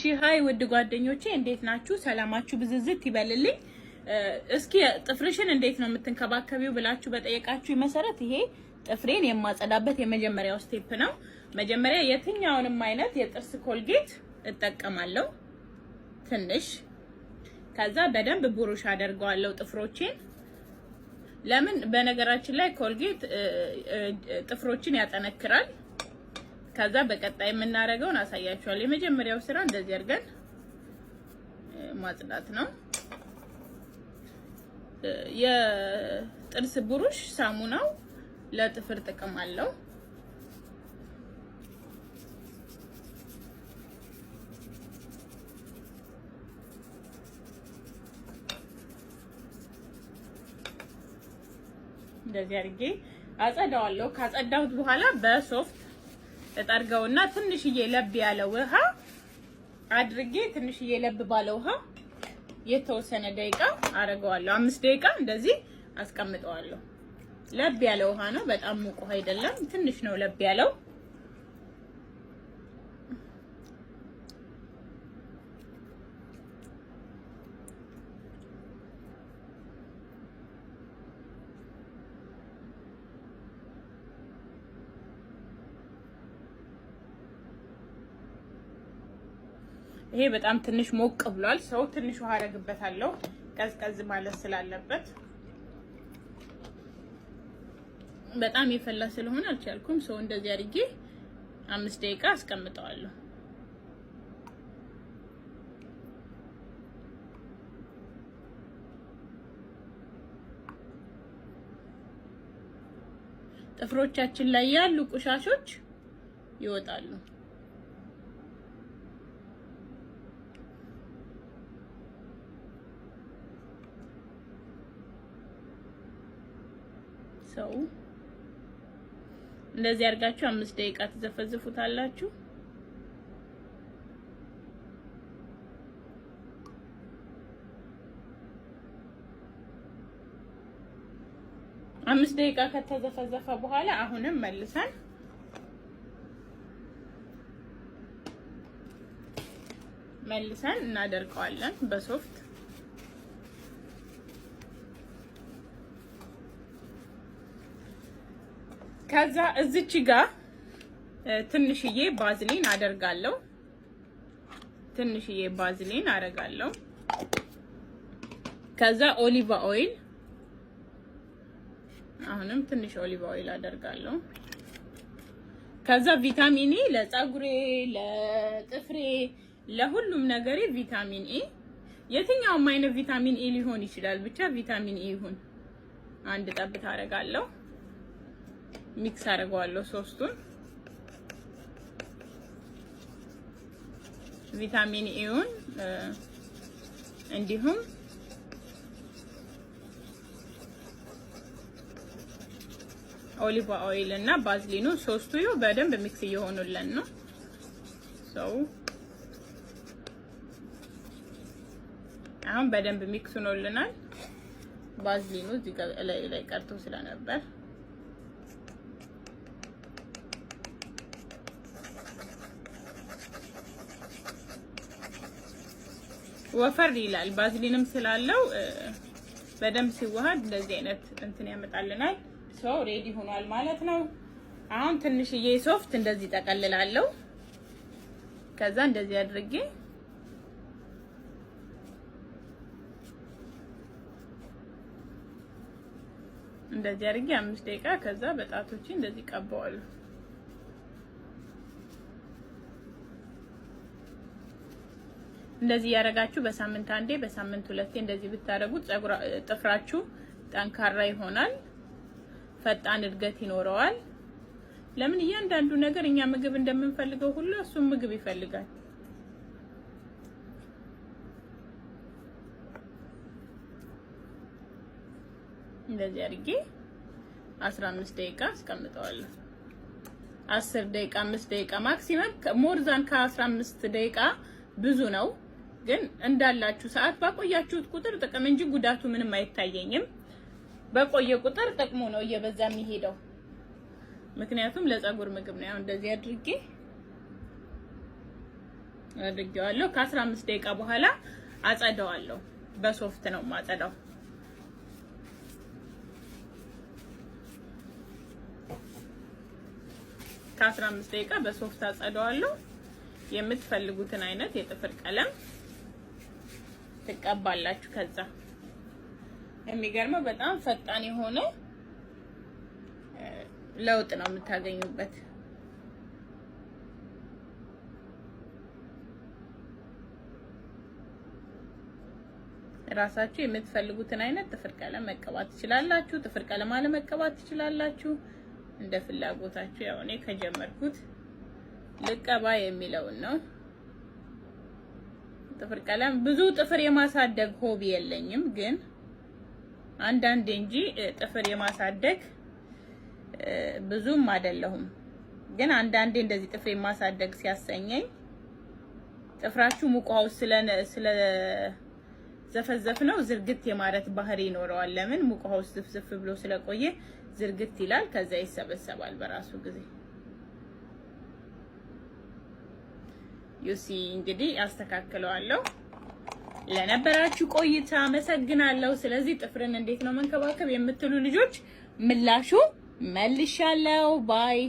እሺ ሀይ ውድ ጓደኞቼ እንዴት ናችሁ? ሰላማችሁ ብዝዝት ይበልልኝ። እስኪ ጥፍርሽን እንዴት ነው የምትንከባከቢው ብላችሁ በጠየቃችሁ መሰረት ይሄ ጥፍሬን የማጸዳበት የመጀመሪያው ስቴፕ ነው። መጀመሪያ የትኛውንም አይነት የጥርስ ኮልጌት እጠቀማለሁ ትንሽ፣ ከዛ በደንብ ቡሩሽ አደርገዋለሁ ጥፍሮቼን። ለምን በነገራችን ላይ ኮልጌት ጥፍሮችን ያጠነክራል ከዛ በቀጣይ የምናደርገውን አሳያችኋል። የመጀመሪያው ስራ እንደዚህ አድርገን ማጽዳት ነው። የጥርስ ብሩሽ ሳሙናው ለጥፍር ጥቅም አለው። እንደዚህ አድርጌ አጸዳዋለሁ። ካጸዳሁት በኋላ በሶፍት እጠርገውና ትንሽዬ ለብ ያለ ውሃ አድርጌ ትንሽዬ ለብ ባለ ውሃ የተወሰነ ደቂቃ አረገዋለሁ። አምስት ደቂቃ እንደዚህ አስቀምጠዋለሁ። ለብ ያለ ውሃ ነው፣ በጣም ሙቅ ውሃ አይደለም። ትንሽ ነው ለብ ያለው ይሄ በጣም ትንሽ ሞቅ ብሏል። ሰው ትንሽ ውሃ አደርግበታለሁ ቀዝቀዝ ማለት ስላለበት በጣም የፈላ ስለሆነ አልቻልኩም። ሰው እንደዚህ አድርጌ አምስት ደቂቃ አስቀምጠዋለሁ። ጥፍሮቻችን ላይ ያሉ ቆሻሾች ይወጣሉ። ሰው እንደዚህ አድርጋችሁ አምስት ደቂቃ ትዘፈዝፉታላችሁ። አምስት ደቂቃ ከተዘፈዘፈ በኋላ አሁንም መልሰን መልሰን እናደርቀዋለን በሶፍት ከዛ እዚች ጋር ትንሽዬ ባዝሊን አደርጋለሁ። ትንሽዬ ባዝሊን አደርጋለሁ። ከዛ ኦሊቫ ኦይል አሁንም ትንሽ ኦሊቫ ኦይል አደርጋለሁ። ከዛ ቪታሚን ኤ ለፀጉሬ፣ ለጥፍሬ፣ ለሁሉም ነገሬ ቪታሚን ኤ የትኛውም አይነት ቪታሚን ኤ ሊሆን ይችላል። ብቻ ቪታሚን ኤ ይሁን አንድ ጠብታ አደርጋለሁ። ሚክስ አድርገዋለሁ ሶስቱን። ቪታሚን ኤውን እንዲሁም ኦሊቭ ኦይል እና ባዝሊኑ ሶስቱ ይኸው በደንብ ሚክስ እየሆኑልን ነው። ሰው አሁን በደንብ ሚክስ ሆኖልናል። ባዝሊኑ እዚህ ላይ ቀርቶ ስለነበር ወፈር ይላል። ባዝሊንም ስላለው በደንብ ሲዋሃድ እንደዚህ አይነት እንትን ያመጣልናል። ሶ ሬዲ ሆኗል ማለት ነው። አሁን ትንሽዬ ሶፍት እንደዚህ ጠቀልላለሁ። ከዛ እንደዚህ አድርጌ እንደዚህ አድርጌ አምስት ደቂቃ ከዛ በጣቶቼ እንደዚህ ቀባዋለሁ። እንደዚህ ያደረጋችሁ በሳምንት አንዴ በሳምንት ሁለቴ እንደዚህ ብታደርጉት ጥፍራችሁ ጠንካራ ይሆናል፣ ፈጣን እድገት ይኖረዋል። ለምን እያንዳንዱ ነገር እኛ ምግብ እንደምንፈልገው ሁሉ እሱም ምግብ ይፈልጋል። እንደዚህ አድርጌ 15 ደቂቃ አስቀምጠዋለሁ። 10 ደቂቃ፣ 5 ደቂቃ ማክሲመም ሞርዛን ከ15 ደቂቃ ብዙ ነው። ግን እንዳላችሁ ሰዓት ባቆያችሁት ቁጥር ጥቅም እንጂ ጉዳቱ ምንም አይታየኝም። በቆየ ቁጥር ጥቅሙ ነው እየበዛ የሚሄደው። ምክንያቱም ለፀጉር ምግብ ነው። አሁን እንደዚህ አድርጌ አድርጌዋለሁ። ከ15 ደቂቃ በኋላ አጸደዋለሁ። በሶፍት ነው ማጸደው ከ ከ15 ደቂቃ በሶፍት አጸደዋለሁ። የምትፈልጉትን አይነት የጥፍር ቀለም ትቀባላችሁ። ከዛ የሚገርመው በጣም ፈጣን የሆነ ለውጥ ነው የምታገኙበት። ራሳችሁ የምትፈልጉትን አይነት ጥፍር ቀለም መቀባት ትችላላችሁ። ጥፍር ቀለም አለመቀባት ትችላላችሁ፣ እንደ ፍላጎታችሁ። ያው እኔ ከጀመርኩት ልቀባ የሚለውን ነው። ጥፍር ቀለም ብዙ ጥፍር የማሳደግ ሆቢ የለኝም፣ ግን አንዳንዴ እንጂ ጥፍር የማሳደግ ብዙም አይደለሁም። ግን አንዳንዴ እንደዚህ ጥፍር የማሳደግ ሲያሰኘኝ ጥፍራችሁ ሙቅ ስለ ስለ ዘፈዘፍ ነው ዝርግት የማረት ባህሪ ይኖረዋል። ለምን ሙቅ ዝፍዝፍ ብሎ ስለቆየ ዝርግት ይላል፣ ከዛ ይሰበሰባል በራሱ ጊዜ ዩሲ እንግዲህ ያስተካክለዋለሁ። ለነበራችሁ ቆይታ አመሰግናለሁ። ስለዚህ ጥፍርን እንዴት ነው መንከባከብ የምትሉ ልጆች ምላሹ መልሻለሁ ባይ